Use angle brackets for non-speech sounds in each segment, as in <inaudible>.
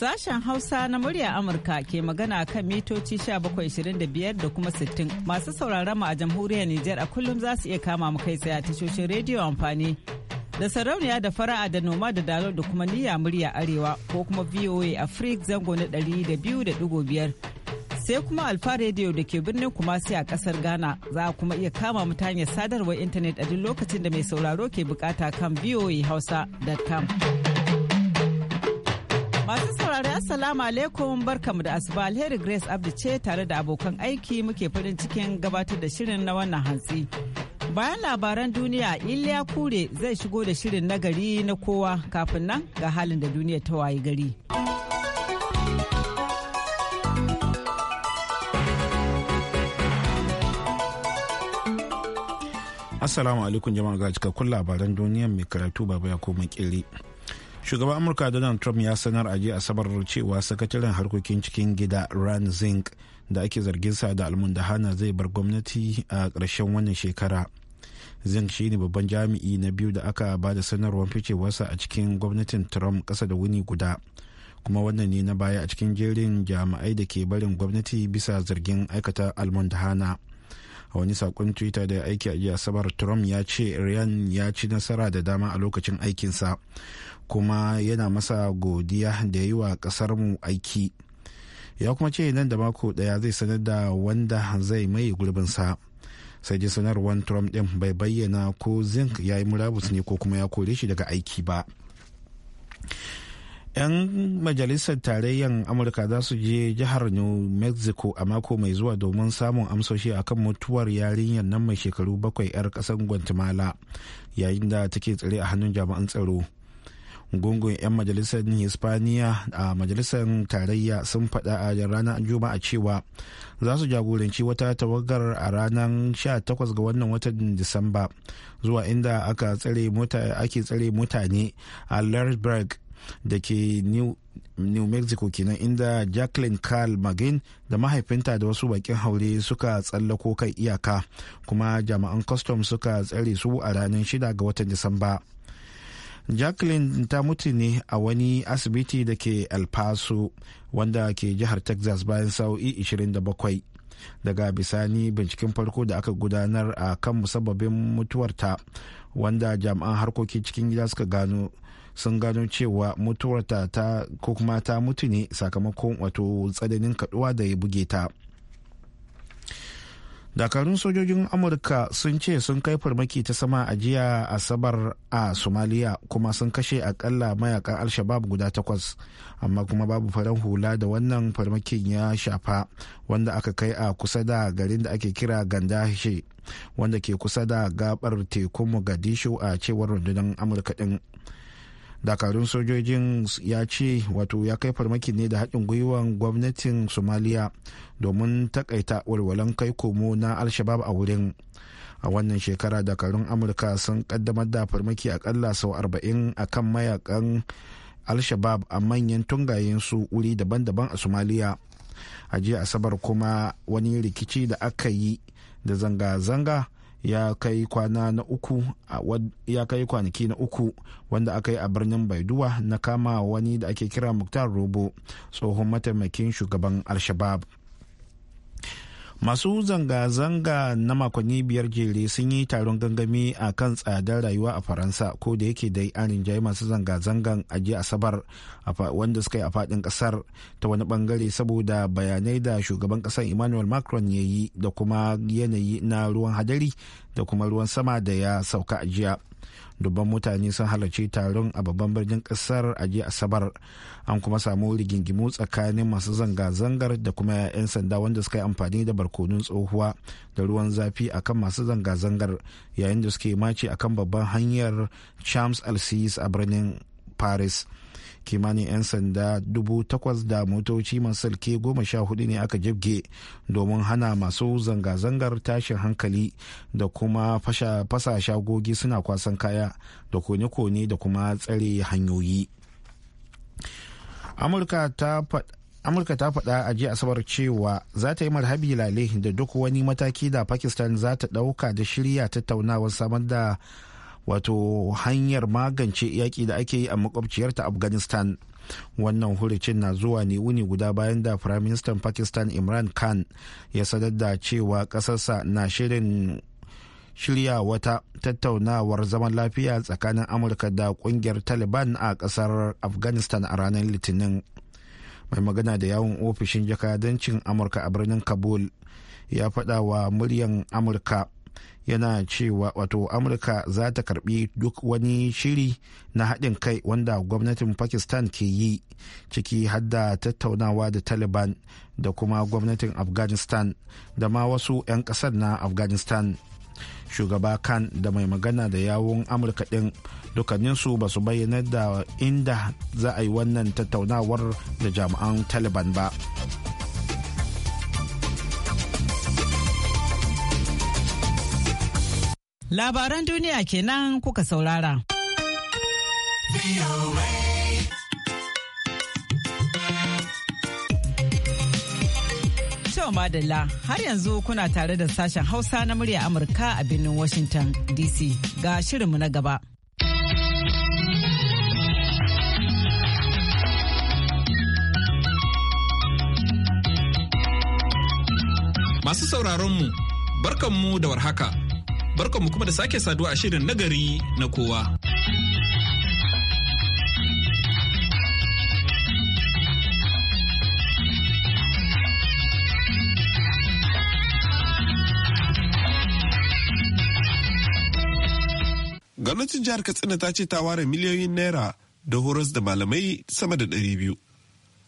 Sashen Hausa na murya Amurka ke magana kan mitoci 1725 da kuma 60 masu sauraron mu a jamhuriyar Nijar a kullum za su iya kama mu kai tsaye a tashoshin rediyo amfani da sarauniya da fara'a da noma da dalo da kuma niyya murya arewa ko kuma VOA Africa zango na ɗari da da biyu biyar sai kuma alfa radio da ke birnin kumasi a kasar Ghana za a kuma iya kama mu ta sadarwar intanet a duk lokacin da mai sauraro ke bukata kan voahausa.com. saurari Assalamu alaikum barkamu da asuba alheri Grace Abdi ce tare da abokan aiki muke farin cikin gabatar da shirin na wannan hantsi. Bayan labaran duniya Iliya Kure zai shigo da shirin na gari na kowa kafin nan ga halin da duniya ta wayi gari. Assalamu alaikum jama'a ga cikakkun labaran duniya mai karatu baba ya koma kiri. shugaban amurka donald trump ya sanar a jiya asabar cewa sakataren harkokin cikin gida ran zink da ake zargin sa da almundahana zai bar gwamnati a ƙarshen wannan shekara zink shine babban jami'i na biyu da aka ba da sanarwar ficewarsa a cikin gwamnatin trump ƙasa da wuni guda kuma wannan ne na baya a cikin jerin jami'ai da ke barin gwamnati bisa zargin aikata almundahana. hana a wani sakon twitter da ya aiki a jiya asabar trump ya ce ryan ya ci nasara da dama a lokacin aikinsa kuma yana masa godiya da yi wa kasarmu aiki ya kuma ce nan da mako daya zai sanar da wanda zai mai gurbinsa sai dai sanarwar trump din bai bayyana ko zinc ya yi murabus ne ko kuma ya kore shi daga aiki ba 'yan majalisar tarayyar amurka za su je jihar new mexico a mako mai zuwa domin samun amsoshi a kan mutuwar yarinyar nan mai shekaru bakwai 'yar kasar guatemala yayin da take tsare a hannun jami'an tsaro gungun 'yan majalisar hispaniya a majalisar tarayya sun faɗa a ranar juma'a cewa za su jagoranci wata tawagar a ranar 18 ga wannan watan disamba zuwa inda ake tsare mutane a lardsburg da ke new mexico kenan inda jacqueline carl magin da mahaifinta da wasu bakin haure suka tsallako kai iyaka kuma jami'an kwastam suka tsare su a ranar 6 ga watan disamba jacqueline ta mutu ne a wani asibiti da ke el paso wanda ke jihar texas bayan sa'o'i 27 daga bisani binciken farko da aka gudanar a kan musabbabin mutuwarta wanda jami'an harkokin cikin gida suka gano sun gano cewa mutuwarta ta ko kuma ta mutu ne sakamakon wato tsananin kaduwa da ya buge ta dakarun sojojin amurka sun ce sun kai farmaki ta sama a jiya asabar a somaliya kuma sun kashe akalla mayakan alshabab guda takwas amma kuma babu faran hula da wannan farmakin ya shafa wanda aka kai a kusa da garin da ake kira gandashe wanda ke kusa da gabar tekun mogadishu a cewar rundunar amurka din dakarun sojojin ya ce wato ya kai farmaki ne da haɗin gwiwan gwamnatin somaliya domin takaita walwalan kai komo na alshabab a wurin a wannan shekara dakarun amurka sun kaddamar da farmaki akalla sau 40 a kan mayakan alshabab a manyan tungayen su wuri daban-daban a somaliya a jiya asabar kuma wani rikici da aka yi da zanga-zanga ya kai kwanaki na uku wanda aka yi a birnin baiduwa na kama wani da ake kira muktar robo tsohon mataimakin shugaban al-shabab masu zanga-zanga na makonni biyar jere sun yi taron gangami a kan tsadar rayuwa a faransa ko da yake dai an rinjaye masu zanga-zangan aji asabar wanda suka yi a fadin kasar ta wani bangare saboda bayanai da shugaban kasar emmanuel macron ya yi da kuma yanayi na ruwan hadari da kuma ruwan sama da ya sauka a jiya dubban mutane sun halarci taron a babban birnin kasar a jiya asabar an kuma samu rigingimu tsakanin masu zanga-zangar da kuma 'yan sanda wanda suka yi amfani da barkonun tsohuwa da ruwan zafi akan masu zanga-zangar yayin da suke mace akan babban hanyar champs alsis a birnin paris kimanin 'yan sanda dubu takwas da motoci masu salke goma sha hudu ne aka jibge domin hana masu zanga-zangar tashin hankali da kuma fasa shagogi suna kwasan kaya da kone-kone da kuma tsare hanyoyi amurka ta faɗa a jiya asabar cewa za ta yi marhabi lale da duk wani mataki da pakistan za ta ɗauka da shirya tattaunawar samar da wato hanyar magance yaƙi da ake yi a makwabciyarta afghanistan wannan huricin na zuwa ne wuni guda bayan da firaministan pakistan imran khan ya sanar da cewa ƙasarsa na shirin shirya wata tattaunawar zaman lafiya tsakanin amurka da ƙungiyar taliban a ƙasar afghanistan a ranar litinin mai magana da yawon ofishin jakadancin amurka a birnin kabul ya faɗa wa muryan amurka yana cewa wato amurka za ta karbi duk wani shiri na haɗin kai wanda gwamnatin pakistan ke yi ciki hadda tattaunawa da taliban da kuma gwamnatin afghanistan da ma wasu 'yan ƙasar na afghanistan shugaba kan da mai magana da yawun amurka ɗin dukkaninsu ba su bayyana da inda za a yi wannan tattaunawar da jami'an taliban ba. Labaran duniya kenan kuka saurara. Cewa Madalla har yanzu kuna tare da sashen Hausa na murya Amurka a birnin Washington DC ga shirinmu na gaba. Masu sauraronmu, barkanmu da warhaka. mu kuma da sake saduwa a shirin nagari na kowa. Gwamnatin jihar Katsina ta ce ta ware miliyoyin naira da horas da malamai sama da ɗari biyu.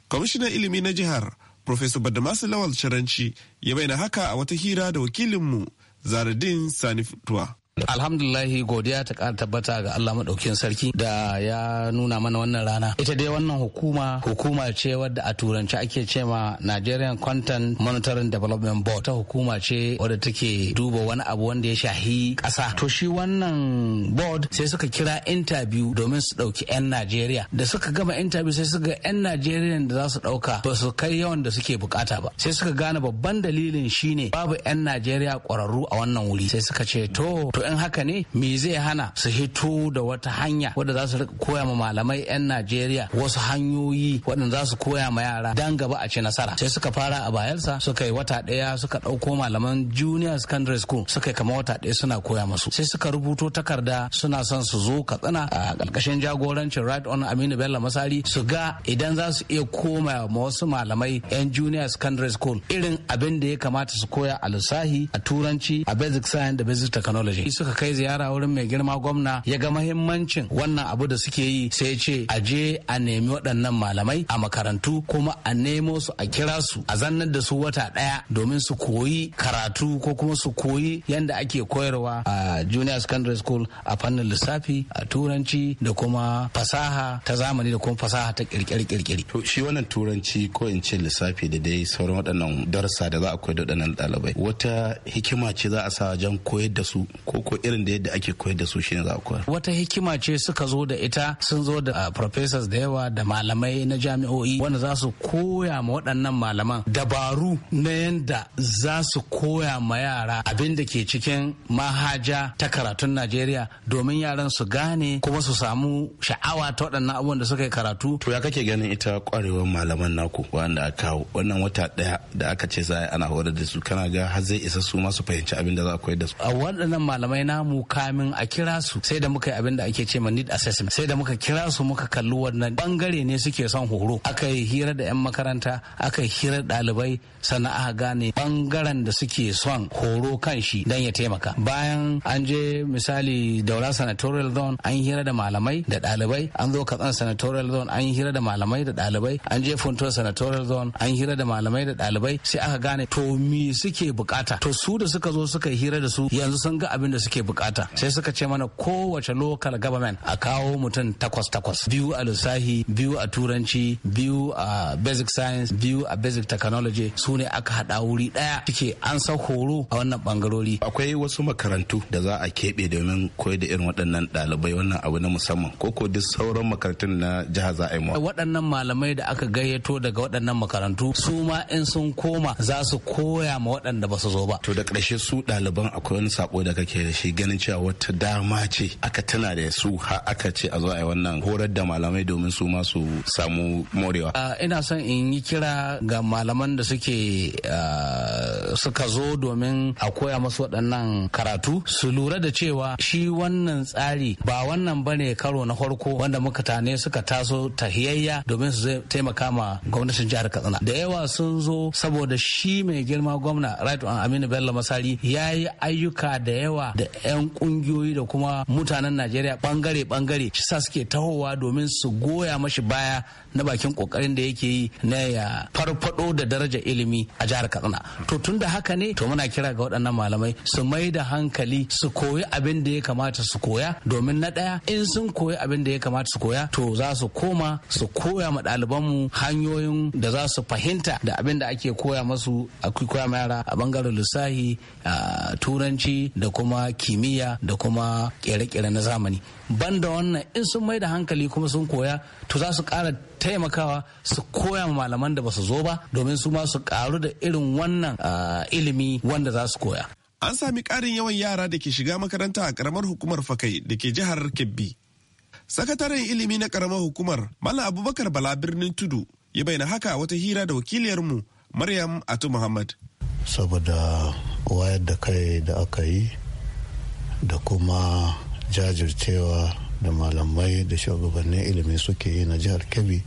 Kwamishinan ilimi na jihar, Profesa Badamasu Lawal Sharanci ya bayyana haka a wata hira da wakilinmu zaradin sani fituwa Alhamdulahi godiya ta ƙara tabbata ga Allah maɗaukin sarki da ya nuna mana wannan rana. Ita dai wannan hukuma hukuma ce wadda a turanci ake cema Nigerian Content Monitoring Development Board ta hukuma ce wadda take duba wani abu wanda ya shahi ƙasa. To shi wannan board sai suka kira interview domin su ɗauki 'yan Najeriya. Da suka gama interview sai suka ga 'yan Najeriya da za su ɗauka ba su kai yawan da suke bukata ba. Sai suka gane babban dalilin shine babu 'yan Najeriya ƙwararru a wannan wuri. Sai suka ce to to in haka ne me zai hana su hito da wata hanya wadda za su koya ma malamai 'yan najeriya wasu hanyoyi waɗanda za su koya ma yara dan gaba a ci nasara sai suka fara a bayelsa suka yi wata ɗaya suka ɗauko malaman junior secondary school suka yi kama wata ɗaya suna koya masu sai suka rubuto takarda suna son su zo katsina a ƙarƙashin jagorancin right on aminu bello masari su ga idan za su iya koma ma wasu malamai 'yan junior secondary school irin abin da ya kamata su koya a lissahi a turanci a basic science da basic technology kwanaki suka kai ziyara wurin mai girma gwamna ya ga mahimmancin wannan abu da suke yi sai ce a je a nemi waɗannan malamai a makarantu kuma a nemo su a kira su a zannar da su wata ɗaya domin su koyi karatu ko kuma su koyi yanda ake koyarwa a junior secondary school a fannin lissafi a turanci da kuma fasaha ta zamani da kuma fasaha ta kirkiri-kirkiri. To shi wannan turanci ko in ce lissafi da dai sauran waɗannan darasa da za a koyar da waɗannan ɗalibai wata hikima ce za a sa wajen koyar da su ko ko irin da yadda ake koyar da su shine za a koyar wata hikima ce suka zo da ita sun zo da uh, professors da yawa da malamai na jami'o'i wanda za su koya ma waɗannan malaman dabaru na yadda za su koya ma yara abin da ke cikin mahaja ta karatun najeriya domin yaran su gane kuma su samu sha'awa ta waɗannan abubuwan da suka yi karatu to ya kake ganin ita kwarewar malaman naku wanda aka kawo wannan wata ɗaya da aka ce za ana horar da su kana ga har zai isa su ma su fahimci abin da za a koyar da su a waɗannan malaman malamai namu kamin a kira su sai da muka yi abin da ake ce ma need assessment sai da muka kira su muka kalli wannan bangare ne suke son horo aka yi hira da 'yan makaranta aka yi hira ɗalibai aka gane bangaren da suke son horo kan shi dan ya taimaka bayan an je misali daura sanatorial zone an hira da malamai da ɗalibai an zo katsan sanatorial zone an hira da malamai da ɗalibai an je funto senatorial zone an hira da malamai da ɗalibai sai aka gane to me suke bukata to su da suka zo suka hira da su yanzu sun ga abin da suke bukata sai suka ce mana kowace local government a kawo mutum takwas takwas biyu a lissahi biyu a turanci biyu a basic science biyu a basic technology su ne aka hada wuri daya suke an sa horo a wannan bangarori akwai wasu makarantu da za a keɓe domin koyar da irin waɗannan ɗalibai wannan abu na musamman ko ko duk sauran makarantun na jihar za a yi waɗannan malamai da aka gayyato daga waɗannan makarantu su ma in sun koma za su koya ma waɗanda ba su zo ba to da ƙarshe su ɗaliban akwai wani sako da kake da shi ganin cewa wata dama ce aka tana da su ha aka ce a zo a yi wannan horar da malamai domin su ma samu morewa. Ah, ina son in yi kira ga malaman da suke ah, suka zo domin a koya masu waɗannan karatu su lura da cewa shi wannan tsari ba wannan ba ne karo na farko wanda muka tane suka taso tahiyayya domin su taimaka ma gwamnatin jihar katsina da yawa sun zo saboda shi mai girma gwamna right on aminu bello masari ya yi ayyuka da yawa da 'yan kungiyoyi da kuma mutanen najeriya bangare-bangare shi sa suke tahowa domin su goya mashi baya na bakin kokarin da yake yi na ya farfado da daraja ilimi a jihar katsina to tun da haka ne to muna kira ga waɗannan malamai su mai da hankali su koyi abin da ya kamata su koya domin na ɗaya in sun koyi abin da ya kamata su koya to za su koma su koya ma ɗalibanmu hanyoyin da za su fahimta da abin da ake koya masu a koya ma yara a bangaren lissahi a turanci da kuma kimiyya da kuma kere-kere na zamani banda wannan in sun mai da hankali kuma sun koya to za su kara taimakawa su koya ma malaman da ba su zo ba domin su ma su karu da irin wannan ah, ilimi wanda za su koya an sami ƙarin yawan yara da ke shiga makaranta a karamar hukumar fakai da ke jihar kebbi sakataren ilimi na karamar hukumar malam abubakar bala birnin tudu ya bayyana haka wata hira da wakiliyarmu maryam atu muhammad saboda wayar da kai da aka yi da kuma jajircewa da malamai da shugabannin ilimi suke yi na jihar kebbi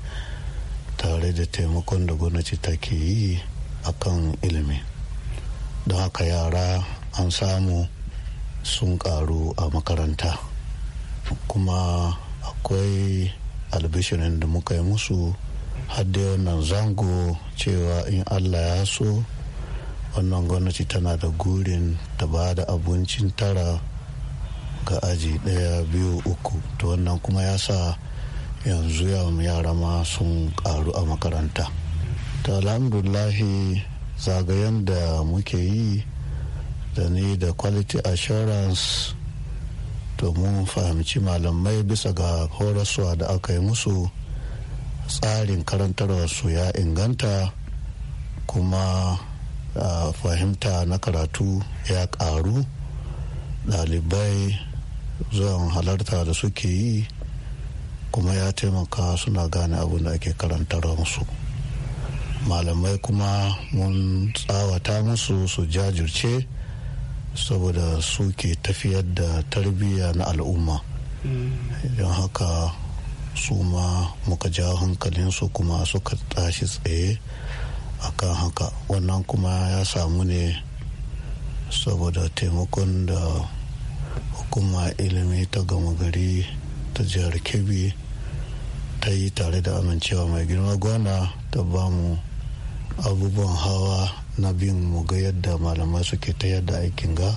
tare da taimakon da gwamnati take yi akan ilimi don haka yara an samu sun karu a makaranta kuma akwai albishirin da muka yi musu hadde wannan zango cewa in allah ya so wannan gwamnati tana da gurin ta ba da abincin tara ga aji ɗaya biyu uku to wannan kuma ya sa yanzu yara ma sun karu a makaranta ta alhamdulahi zagayen da muke yi da ni da quality assurance to mun fahimci malamai bisa ga horaswa da aka yi musu tsarin karantarwarsu ya inganta kuma ah, fahimta na karatu ya karu ɗalibai zuwan halarta da suke yi kuma ya taimaka suna gane abin da ake karantar musu malamai kuma mun tsawata musu su jajirce saboda suke tafiyar da tarbiyya na al'umma don haka su ma muka ja hankalinsu kuma suka tashi tsaye akan haka wannan kuma ya samu ne saboda taimakon da Kuma ilimi ta gama gari ta jihar kebbi ta yi tare da amincewa mai girma gwana ta ba mu abubuwan hawa na bin mu ga yadda malamai suke ta yadda aikin ga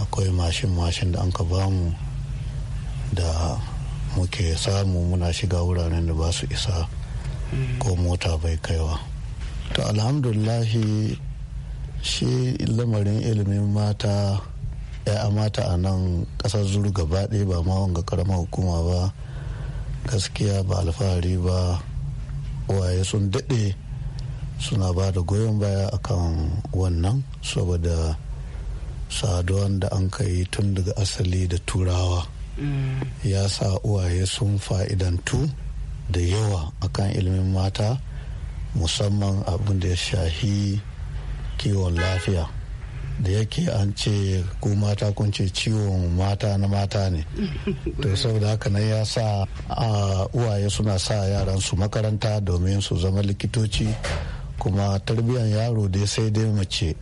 akwai mashin-mashin da an ka ba mu da muke samu muna shiga wuraren da ba su isa ko mota bai kaiwa to alhamdulahi shi lamarin ilimin mata 'ya'ya mata a nan kasar zuru gaba ɗaya ba ma wanga karamar hukuma ba gaskiya ba alfahari ba waye sun daɗe suna ba da goyon baya akan wannan saboda saduwan da an kai tun daga asali da turawa mm. ya sa uwaye sun fa'idantu da yawa akan ilimin mata musamman abin da ya shahi kiwon lafiya da yake an ce ku mata kun ce ciwon mata na mata ne <laughs> to saboda haka na ya sa uwaye suna sa yaran su makaranta domin su zama likitoci kuma tarbiyyar yaro dai sai dai mace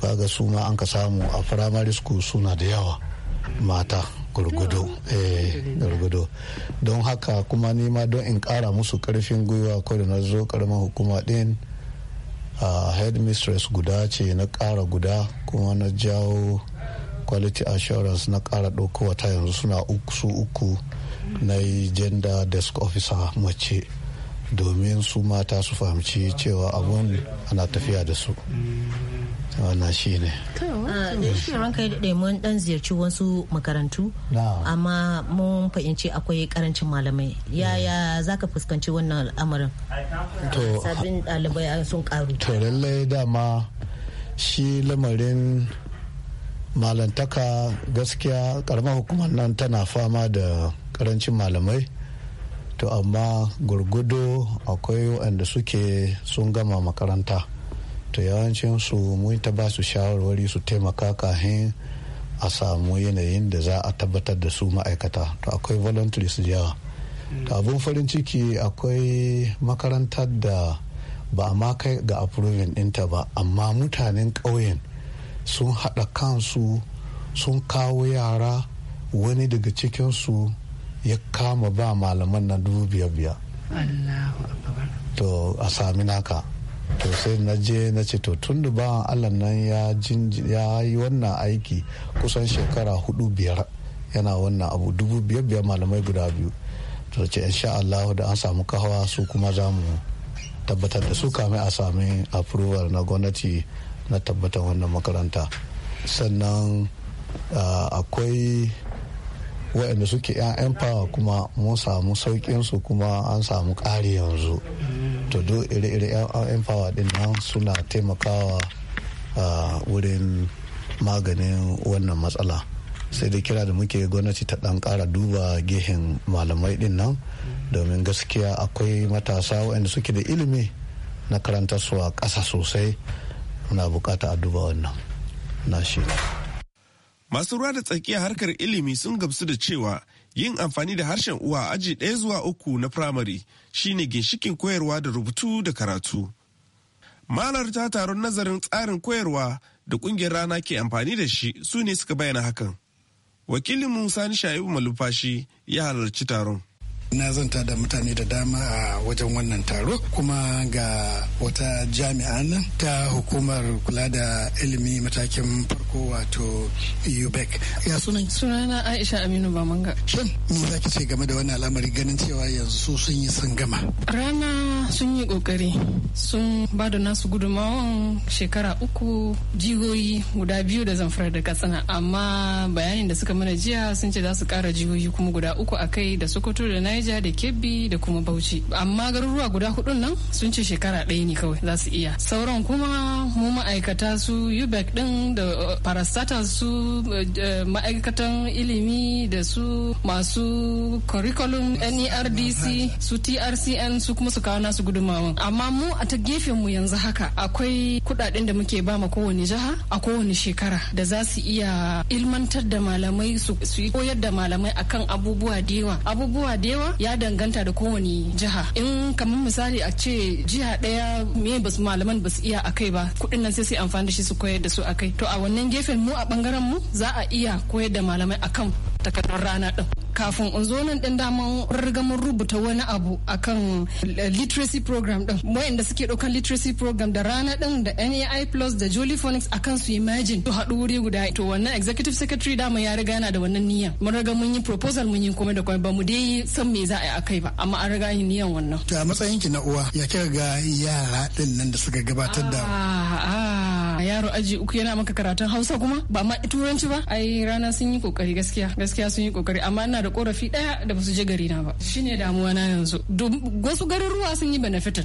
kaga su ma an ka samu a firamare school suna da yawa mata gurgudo eh, gurgudo don haka kuma nima don in kara musu karfin gwiwa ko da na zo hukuma din a headmistress guda ce na ƙara guda kuma na jawo quality assurance na ƙara ɗaukowa ta yanzu suna su uku na yi gender desk officer mace domin su mata su fahimci cewa abun ana tafiya da su wannan ah, eh, shi ne da shi ranka ya daɗe mun ɗan ziyarci wasu makarantu amma mun fahimci akwai karancin malamai yaya za ka fuskanci wannan al'amarin sabbin ɗalibai sun ƙaru to lallai dama shi lamarin malantaka gaskiya karamar hukumar nan tana fama da karancin malamai to amma gurgudo akwai waɗanda suke sun gama makaranta to yawancin su mun ta ba su shawarwari su taimaka kahin a samu yanayin da za a tabbatar da su ma'aikata to akwai su yawa to abun farin ciki akwai makarantar da ba a ma kai ga approving ɗinta ba amma mutanen ƙauyen sun haɗa kansu sun kawo yara wani daga cikinsu ya kama ba malaman na dubu biyar biyar to a sami naka to sai na je na ce to tun da bawan allah nan ya yi wannan aiki kusan shekara hudu biyar yana wannan abu dubu biyar biyar malamai guda biyu to ce insha allahu da an samu kahawa su kuma za mu tabbatar da su kame a sami approval na gwamnati na tabbatar wannan makaranta sannan ah, akwai waɗanda suke 'ya'yan fawa kuma mun samu saukin su kuma an samu ƙari yanzu to do ire-ire 'ya'yan fawa din nan suna taimakawa wurin maganin wannan matsala sai da kira da muke gwamnati ta ɗan ƙara duba gehen malamai din nan domin gaskiya akwai matasa waɗanda suke da ilimi na karantarsu a ƙasa sosai muna buƙata a duba wannan na shi masu ruwa da tsaki a harkar ilimi sun gamsu da cewa yin amfani da harshen uwa aji ɗaya zuwa uku na firamare shine ginshikin koyarwa da rubutu da karatu ta taron nazarin tsarin koyarwa da ƙungiyar rana ke amfani da shi su ne suka bayyana hakan wakilin musa sha'ibu malumfashi ya halarci taron na zanta da mutane da dama a wajen wannan taro kuma ga wata jami'a nan ta hukumar kula da ilimi matakin farko wato ubec ya sunan sunana aisha aminu bamanga shin me za ki ce game da wannan al'amari ganin cewa yanzu sun yi sun gama rana sun yi kokari sun ba da nasu gudunmawan shekara uku jihohi guda biyu da zamfara da katsina amma bayanin da suka mana jiya sun ce za su kara jihohi kuma guda uku a kai da sokoto da niger da kebbi da kuma bauchi amma garuruwa guda hudun nan sun ce shekara ɗaya kawai za su iya sauran kuma mu ma'aikata su ubec din da uh, parastatal su uh, uh, ma'aikatan ilimi da su masu curriculum nerdc su trcn su kuma su kawo nasu gudumawan amma mu a ta gefen mu yanzu haka akwai kudaden da muke ba ma kowane jiha a kowane shekara da za su iya ilmantar da malamai su yi koyar da malamai akan abubuwa da yawa abubuwa da yawa ya danganta da kowane jiha in kamar misali a ce jiha daya me ba su malaman ba su iya kai ba kuɗin nan sai su amfani da shi su koyar da su a kai to a wannan gefen mu a ɓangaren mu za a iya koyar da malamai akan takardar rana din kafin in zo nan din daman riga mun rubuta wani abu akan eh, literacy program din da suke ɗaukan literacy program da rana ɗin da NAI plus da Jolly Phonics akan su imagine to haɗu wuri guda to wannan executive secretary dama ya riga yana da wannan niyan mun riga mun yi proposal mun yi komai da komai ba mu dai san me za a yi akai ba amma an riga yi niyan wannan to a matsayin ki na uwa ya kika ga yara ɗin nan da suka gabatar da ah, ah. yaro aji uku yana maka karatun hausa kuma ba ma turanci ba ai rana sun yi kokari gaskiya gaskiya sun yi kokari amma ina da korafi daya da basu je gari na ba shine damuwa na yanzu wasu garuruwa sun yi benefitin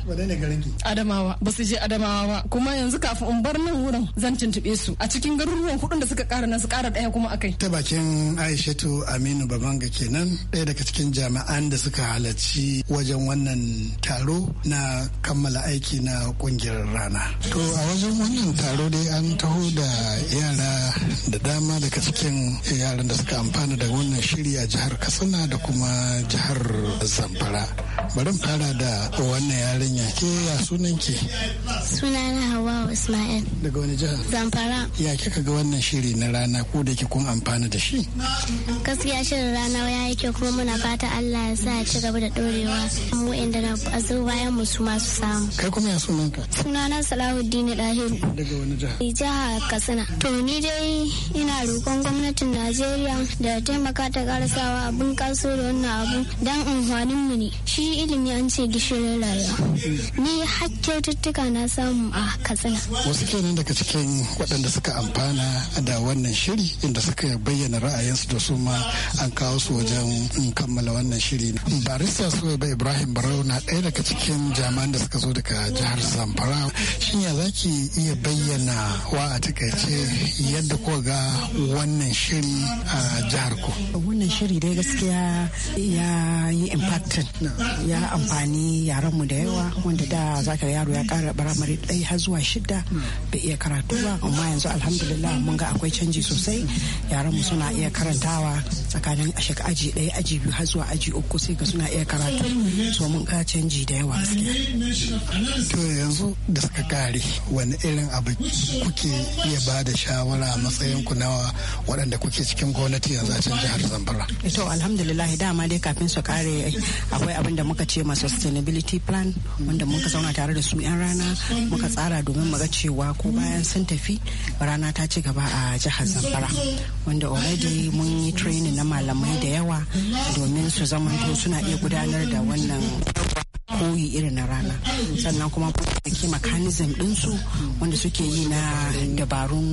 adamawa basu je adamawa ba kuma yanzu kafin in bar nan wurin zan tuntube su a cikin garuruwan kudin da suka kara na su kara daya kuma akai ta bakin Aishatu Aminu Babanga kenan daya daga cikin jami'an da suka halarci wajen wannan taro na kammala aiki na kungiyar rana to a wajen wannan taro farko dai an taho da yara da dama daga cikin yaran da suka amfana da wannan shiri a jihar katsina da kuma jihar zamfara bari fara da wannan yarinya ke ya sunan ke sunana hawa ismail daga wani jihar zamfara ya kika ga wannan shiri na rana ko da ke kun amfana da shi gaskiya shirin rana ya yi kyau kuma muna fata allah ya sa ci gaba da dorewa mu inda na bayan mu su masu samu kai kuma ya ka sunana salahuddin dahiru daga wani wani jiha? Katsina. To ni dai ina roƙon gwamnatin Najeriya da taimaka ta karasawa abin kaso da wannan abu don amfanin mu ne. Shi ilimi an ce gishirin rayuwa. Ni har tuttuka na samu a Katsina. Wasu kenan daga cikin waɗanda suka amfana da wannan shiri inda suka bayyana ra'ayinsu da su ma an kawo su wajen kammala wannan shiri. Barista Suwaiba Ibrahim Barau na ɗaya daga cikin jami'an da suka zo daga jihar Zamfara. Shin ya zaki iya bayyana wa a takaice yadda ko ga wannan shiri a jihar ku. Wannan shiri dai gaskiya ya yi impacting ya amfani yaran mu da yawa wanda da zaka yaro ya kara baramari dai har zuwa shida bai iya karatu ba amma yanzu alhamdulillah mun ga akwai canji sosai yaran mu suna iya karantawa tsakanin ashek aji ɗaya aji biyu har zuwa aji uku sai ga suna iya karatu so mun ga canji da yawa gaskiya. To yanzu da suka kare wani irin abu kuke iya ba da shawara a matsayin ku nawa waɗanda kuke cikin gwamnati yanzu a can jihar Zamfara. To alhamdulillah dama dai kafin su kare akwai abin da muka ce ma sustainability plan wanda muka zauna tare da su 'yan rana muka tsara domin mu ga cewa ko bayan sun tafi rana ta ci gaba a jihar Zamfara wanda already mun yi training na malamai da yawa domin su zamanto suna iya gudanar da wannan koyi irin na rana sannan kuma ke mechanism dinsu wanda suke yi na dabarun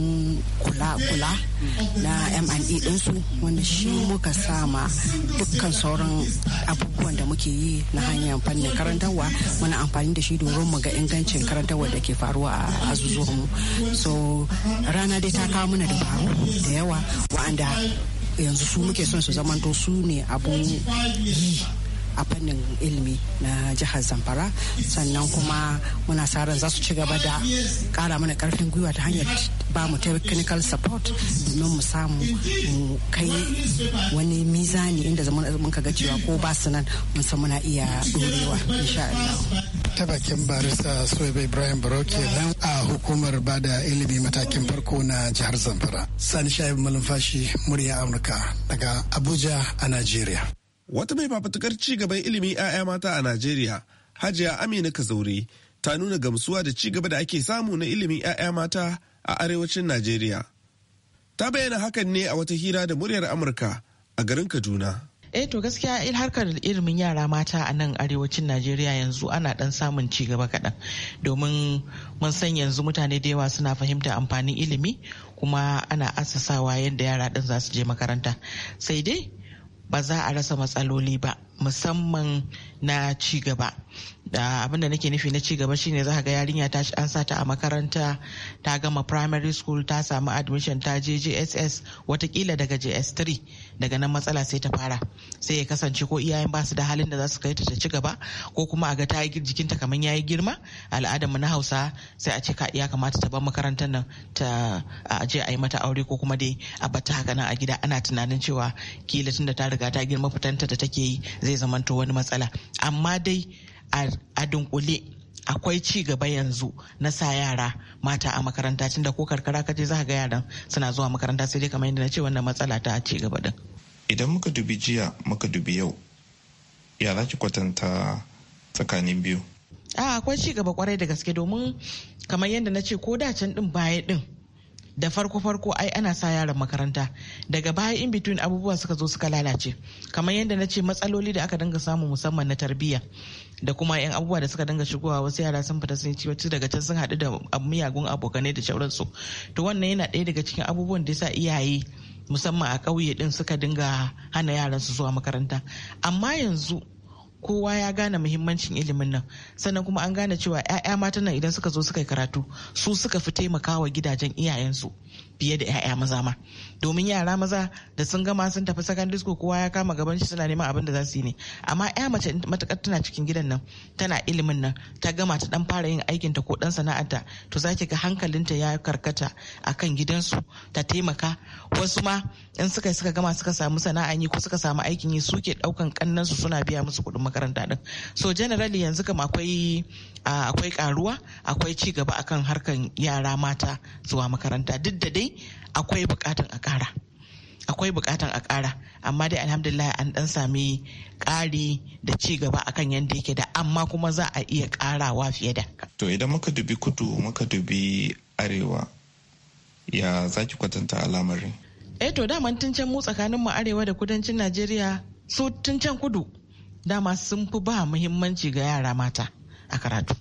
kula-kula na M&E ɗinsu wanda shi muka sama dukkan sauran abubuwan da muke yi na hanyar fannin karantarwa muna amfani da shi domin mu ga ingancin karantarwa da ke faruwa a azuzuwanmu so rana dai ta kawo mana dabaru da yawa wa'anda yanzu su muke son su zamanto su ne abun yi a fannin ilimi na jihar zamfara sannan kuma muna sa ran za su ci gaba da kara mana karfin gwiwa ta hanyar ba mu technical support domin mu samu mu kai wani mizani inda zaman mun ga cewa ko ba su nan mun san muna iya dorewa insha ta bakin barista Suwaiba Ibrahim baroke nan a hukumar bada ilimi matakin farko na jihar Zamfara Sani shaibu Malumfashi murya Amurka daga Abuja a Najeriya Wata mai fafutukar ci gaban ilimi 'ya'ya mata a Najeriya, Hajiya Amina Kazaure, ta nuna gamsuwa da ci gaba da ake samu na ilimin 'ya'ya mata a arewacin Najeriya. Ta bayyana hakan ne a wata hira da muryar Amurka a garin Kaduna. eh to gaskiya harkar ilimin yara mata a nan arewacin najeriya yanzu ana dan samun ci gaba kaɗan domin mun san yanzu mutane da yawa suna fahimta amfanin ilimi kuma ana asasawa yadda yara ɗin za su je makaranta sai dai ba za a rasa matsaloli ba musamman na cigaba abinda nake nufi na cigaba shine za ga yarinya ta an sa ta a makaranta ta gama primary school ta samu admission ta je jss watakila daga js3 daga nan matsala sai ta fara sai ya kasance ko iyayen basu da halin da za su kai ta ci gaba ko kuma a ga ta yi jikinta kamar yayi girma al'adarmu na hausa sai a ce ka iya kamata ta bar makarantar nan ta je a yi mata aure ko kuma dai a bata haka nan a gida ana tunanin cewa kila da ta riga ta girma fitanta da take yi zai zamanto wani matsala amma dai a dunkule akwai ci gaba yanzu na sa yara mata a makaranta tun da ko karkara kaje za ga yaran suna zuwa makaranta sai dai kamar yadda na ce wannan matsala ta ci gaba din idan muka dubi jiya muka dubi yau ya za ki kwatanta tsakanin biyu a ah, akwai ci gaba kwarai da gaske domin kamar yadda na ce ko da can din baya din da farko farko ai ana sa yaran makaranta daga baya in between abubuwa suka zo suka lalace kamar yadda na ce matsaloli da aka dinga samu musamman na tarbiyya da kuma yan abubuwa da suka dinga shigowa wasu yara sun fita sun ci wacce daga can sun haɗu da miyagun abokanai da sauransu to wannan yana ɗaya daga cikin abubuwan da ya sa iyaye musamman a ƙauye din suka dinga hana yaran su zuwa makaranta amma yanzu kowa ya gane muhimmancin ilimin nan sannan kuma an gane cewa 'ya'ya mata nan idan suka zo suka yi karatu su suka fi taimakawa gidajen iyayensu fiye da 'ya'ya maza ma domin yara maza da sun gama sun tafi secondary school kowa ya kama gaban shi suna neman abin da za su yi ne amma 'ya mace matakar tana cikin gidan nan tana ilimin nan ta gama ta dan fara yin aikin ta ko dan sana'arta to za ki ga hankalinta ya karkata akan gidansu ta taimaka wasu ma in suka suka gama suka samu sana'a yi ko suka samu aikin yi suke daukan kannan su suna biya musu kuɗin makaranta din so generally yanzu kam akwai ah, akwai karuwa akwai ci gaba akan harkan yara mata zuwa makaranta duk da dai akwai bukatan a ƙara akwai bukatan a kara amma dai alhamdulillah an dan sami ƙare da ci gaba akan yadda yake da amma kuma za a iya ƙarawa fiye da to idan muka dubi kudu muka dubi arewa ya za ki kwatanta al'amarin eh to da tun can mu tsakanin mu arewa da kudancin najeriya su tun can kudu dama sun fi ba muhimmanci ga yara mata a karatu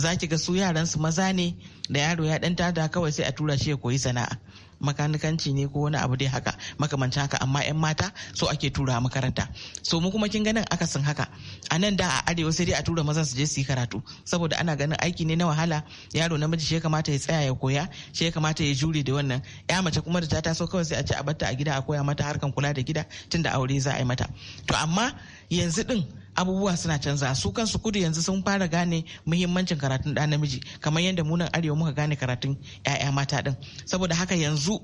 za ki ga su yaran su maza ne da yaro ya dan tada kawai sai a tura shi ya koyi sana'a makanikanci ne ko wani abu dai haka makamancin haka amma yan mata so ake tura makaranta so mu kuma kin ganin akasin haka a nan da a arewa sai dai a tura maza su je su yi karatu saboda ana ganin aiki ne na wahala yaro namiji shi ya kamata ya tsaya ya koya shi ya kamata ya jure da wannan ya mace kuma da ta taso kawai sai a ce a batta a gida a koya mata harkan kula da gida tunda aure za a yi mata to amma yanzu din abubuwa suna canza su kansu kudu yanzu sun fara gane muhimmancin karatun ɗa namiji kamar yadda munan arewa muka gane karatun 'ya'ya mata ɗin saboda haka yanzu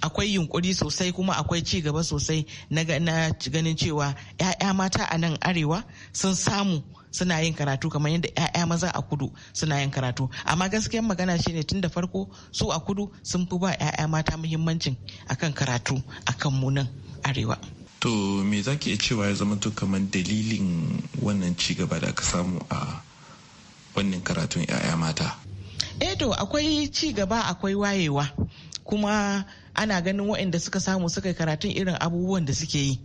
akwai yunkuri sosai kuma akwai ci gaba sosai na ganin cewa 'ya'ya mata a nan arewa sun samu suna yin karatu kamar yadda 'ya'ya maza a kudu suna yin karatu amma gaskiya magana shine tun da farko su a kudu sun fi ba 'ya'ya mata muhimmancin akan karatu akan munan arewa to me za ki iya cewa ya zama to kamar dalilin wannan cigaba da aka samu a wannan karatun 'ya'ya mata eto eh akwai cigaba akwai wayewa kuma ana ganin waɗanda suka samu suka karatun irin abubuwan da suke yi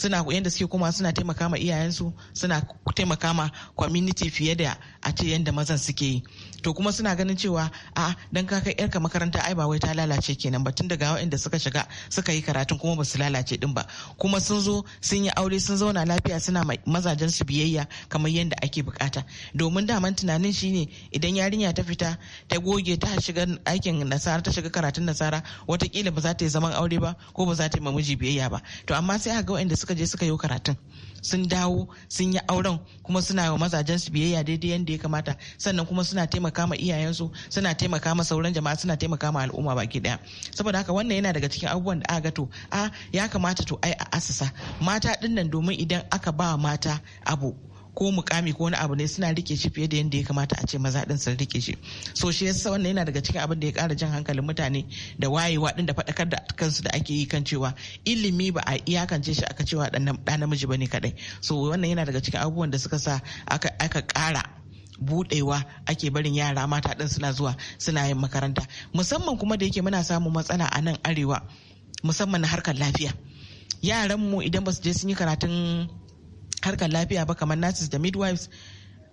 suna yadda suke kuma suna taimaka ma iyayensu suna taimaka ma community fiye da a ce yadda mazan suke yi to kuma suna ganin cewa a dan ka kai yarka makaranta ai ba wai ta lalace kenan ba tun daga waɗanda suka shiga suka yi karatun kuma ba su lalace din ba kuma sun zo sun yi aure sun zauna lafiya suna mazajen su biyayya kamar yadda ake bukata domin daman tunanin shine idan yarinya ta fita ta goge ta shiga aikin nasara ta shiga karatun nasara watakila ba za ta yi zaman aure ba ko ba za ta yi mamiji biyayya ba to amma sai a ga waɗanda suka suka je suka yi karatun sun dawo sun yi auren kuma suna wa mazajen su biyayya daidai yadda ya kamata sannan kuma suna taimaka ma iyayensu suna taimaka ma sauran jama'a suna taimaka ma al'umma baki daya saboda haka wannan yana daga cikin abubuwan da aka to a ah, ya kamata to ai a asasa mata dinnan domin idan aka ba mata abu ko mukami ko wani abu ne suna rike shi fiye da yadda ya kamata a ce maza din sun rike shi so shi yasa wannan yana daga cikin abin da ya kara jan hankalin mutane da wayewa din da faɗakar da kansu da ake yi kan cewa ilimi ba a iyakance shi aka cewa ɗan namiji ba ne kadai so wannan yana daga cikin abubuwan da suka sa aka kara budewa ake barin yara mata ɗin suna zuwa suna yin makaranta musamman kuma da yake muna samun matsala a nan arewa musamman na harkar lafiya yaran mu idan ba su je sun yi karatun harkar lafiya ba kamar nurses da midwives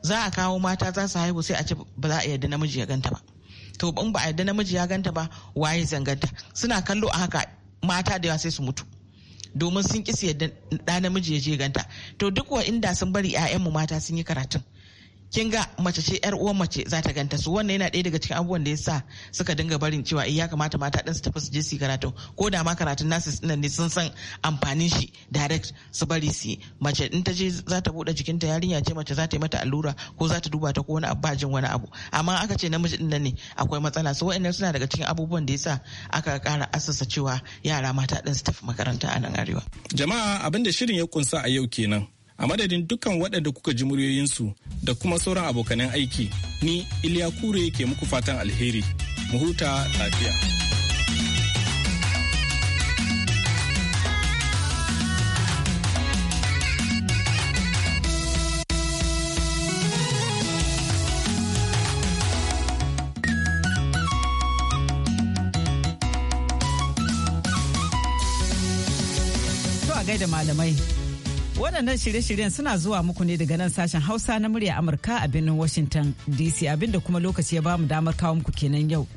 za a kawo mata za su haihu sai a ce ba za a yarda namiji ya ganta ba to in ba a yarda namiji ya ganta ba waye zanganta suna kallo a haka mata da yawa sai su mutu domin sun ƙi su ɗa namiji ya je ganta to duk wa inda sun bari 'ya'yanmu mata sun yi karatun kin ga mace ce yar uwan mace za ta ganta su wannan yana ɗaya daga cikin abubuwan da yasa suka dinga barin cewa eh, ya kamata mata ɗin su tafi su je su karatu ko da ma karatun nasu nan ne sun san amfanin shi direct su bari su mace in ta je za ta buɗe jikinta yarinya ce mace za ta yi mata allura ko za ta duba ta ko wani abu jin wani abu amma aka ce namiji ɗin nan ne akwai matsala su wa'annan suna daga cikin abubuwan da ya sa aka ƙara asasa cewa yara mata ɗin su tafi makaranta a nan arewa. Jama'a abin da shirin ya kunsa a yau kenan. a madadin dukkan waɗanda kuka ji muryoyinsu da kuma sauran abokanan aiki ni iliya kure ke muku fatan alheri mu huta lafiya gaida malamai Waɗannan shirye-shiryen suna zuwa muku ne daga nan sashen Hausa na murya Amurka a birnin Washington DC abinda kuma lokaci ya bamu damar kawo muku kenan yau.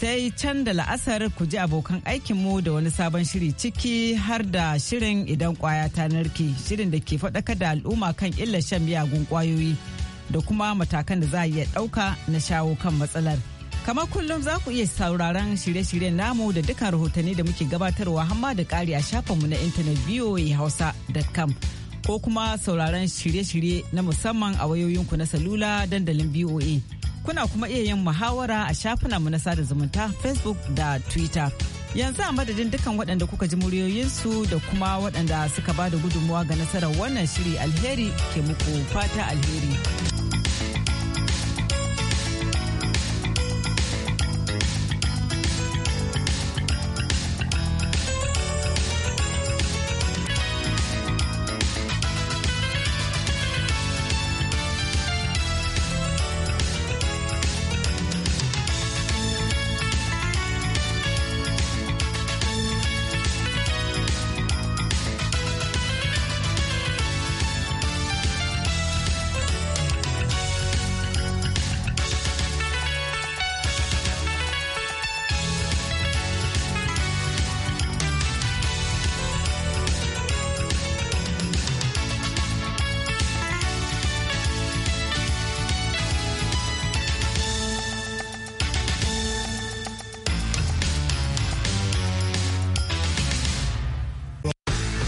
Sai can da la'asar ku ji abokan aikinmu da wani sabon shiri ciki har da shirin idan kwaya ta narke shirin da ke faɗaka da al'umma kan illar shan miyagun kwayoyi da kuma matakan da za a iya ɗauka na shawo kan matsalar. Kamar kullum za ku iya sauraron shirye-shiryen namu da dukkan rahotanni da muke gabatarwa hamma da ƙari a shafinmu na intanet voahausa.com ko kuma sauraron shirye-shirye na musamman a wayoyinku na salula dandalin VOA. Kuna kuma iya yin muhawara a shafinanmu na sada zumunta Facebook da Twitter. Yanzu a madadin dukkan waɗanda kuka ji muryoyinsu da kuma waɗanda suka ba da gudunmuwa ga nasarar wannan shiri alheri ke muku fata alheri.